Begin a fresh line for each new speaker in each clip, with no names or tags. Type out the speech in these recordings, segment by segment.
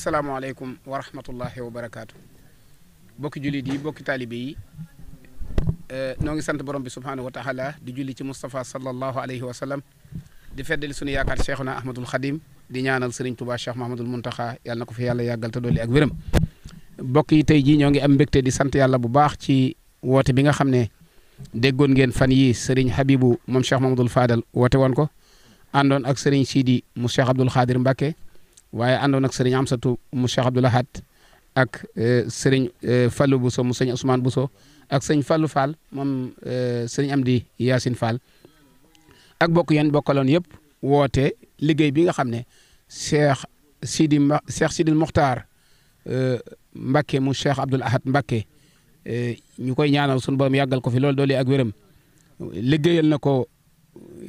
asalaamaaleykum wa rahmatullahi wa barakaatu bokki jullit yi bokki taalibe yi eh, noo ngi sant borom bi subhaanahu wa taala di julli ci Moustapha sallallahu alayhi wa sallam di feddali sunu yaakaar Cheikhuna Ahmadul Xadim di ñaanal Serigne Touba Cheikh Mahmadul Muntaxa yàlla ko fi yàlla yàggal te dolli ak wéram bokk yi tey jii ñoo ngi am mbégte di sant yàlla bu baax ci woote bi nga xam ne déggoon ngeen fan yii Serigne Habibou mom Cheikh Mahmadul Fadal woote woon ko ak Serigne Sidi mu waaye àndoon ak sëriñ Amsatu mu Cheikh Abdou Lahad ak eh, sëriñ eh, Fallou Bousso mu sëñ Ousmane Bousso ak sëñ Fallou Fall moom eh, sëriñ Amdi Yacine Fall ak bokk yéen bokkaloon yëpp woote liggéey bi nga xam ne Cheikh Sidi Ma Cheikh Sidil Mokhtar Mbacke mu Cheikh Abdou Lahad Mbacke ñu koy ñaanal sunu borom yàggal ko fi loolu doole ak wéram liggéeyal na ko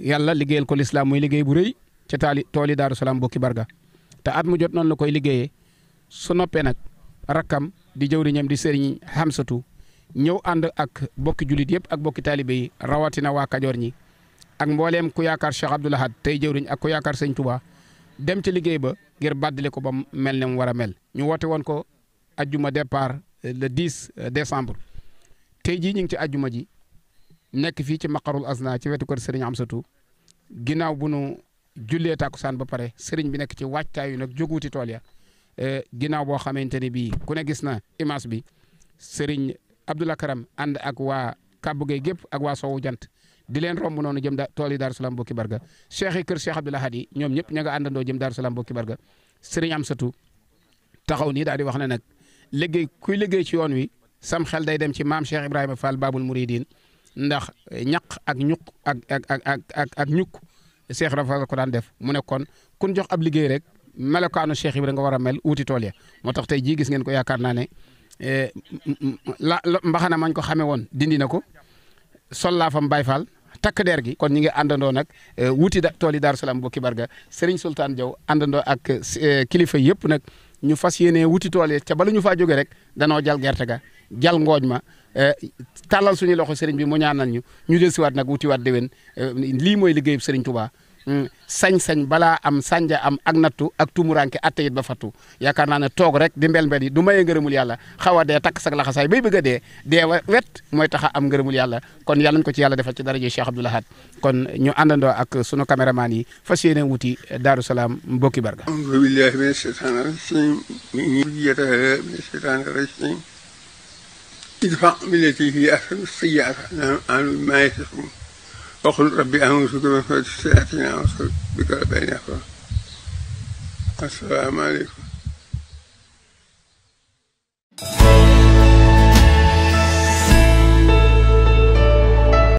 yàlla liggéeyal ko lislaam muy liggéey bu rëy ca taali tooli Daaru Salaam bokki barga te at mu jot noonu la koy liggéeye su noppee nag rakkam di jëw jëwriñam di sëriñ Hamsatu ñëw ànd ak bokki jullit yëpp ak bokki taalibe yi rawatina waa Kajoor ñi ak mbooleem ku yaakaar Cheikh Abdoul tey jëw jëwriñ ak ku yaakaar sëñ Touba dem ci liggéey ba ngir bàddale ko ba mel ne mu war a mel. ñu woote woon ko ajjuma départ euh, le 10 euh, décembre tey jii ñu ngi ci ajjuma ji nekk fii ci Maqarul Azna ci wetu kër sëriñ Hamsatu ginnaaw bu nu jullee saan ba pare sëriñ bi nekk ci waajtaayu nag jóguuti tool ya e, ginnaaw boo xamante ne bii ku ne gis na image bi sëriñ Abdoulaye Karam ànd ak waa kàbbu gay gépp ak waa Sowu jant di leen romb noonu jëm da tool yi Darou Salaam Boki Barga cheikh yi kër Cheikh ñoom ñëpp ña nga àndandoo jëm Darou Salaam Boki Barga sëriñ Amsatou taxaw nii daal di wax na nag liggéey kuy liggéey ci yoon wi sam xel day dem ci maam Cheikh Ibrahima Fall Babul Mouridine ndax ñaq ak ñuq ak ak ak ak ak ñukk Cheikh Rafa ko daan def mu ne kon kun jox ab liggéey rek melokaanu Cheikh Ibra nga war a mel wuti tool ya moo tax tey jii gis ngeen ko yaakaar naa ne eh, la mbaxana mañ ko xamee woon dindi na ko sol laa fam Baay takk der gi kon ñi ngi àndandoo nag eh, wuti da tool yi Daaru Salaam bokki barga Serigne Sultan Diaw àndandoo ak eh, kilifa yëpp nag ñu fas yéenee wuti tool yi ca bala ñu faa joge rek danoo jal gerte ga jal ngooj ma tàllal suñu loxo sëriñ bi mu ñaanal ñu ñu del siwaat nag wutiwaat déwén lii mooy liggéeyub sëriñ Tuubaa sañ-sañ balaa am sànja am ak nattu ak tumuranke atte it ba fattu yaakaar naa ne toog rek di mbel-mbel yi du maye ngërëmul yàlla xaw a dee takk sag laxasaay bay bëgg a dee dee wet mooy tax a am ngërëmul yàlla kon yàlla nañ ko ci yàlla defal ci daraje Cheikh Abdoul Ahad kon ñu àndandoo ak sunu caméraman yi fas yéene wuti Daaru Salaam mbokki barga. ادفع بالتي هي أحسن السيئة عن ما يصفون وقل ربي أعوذ بك من شر سيئتنا وصل بك بين السلام عليكم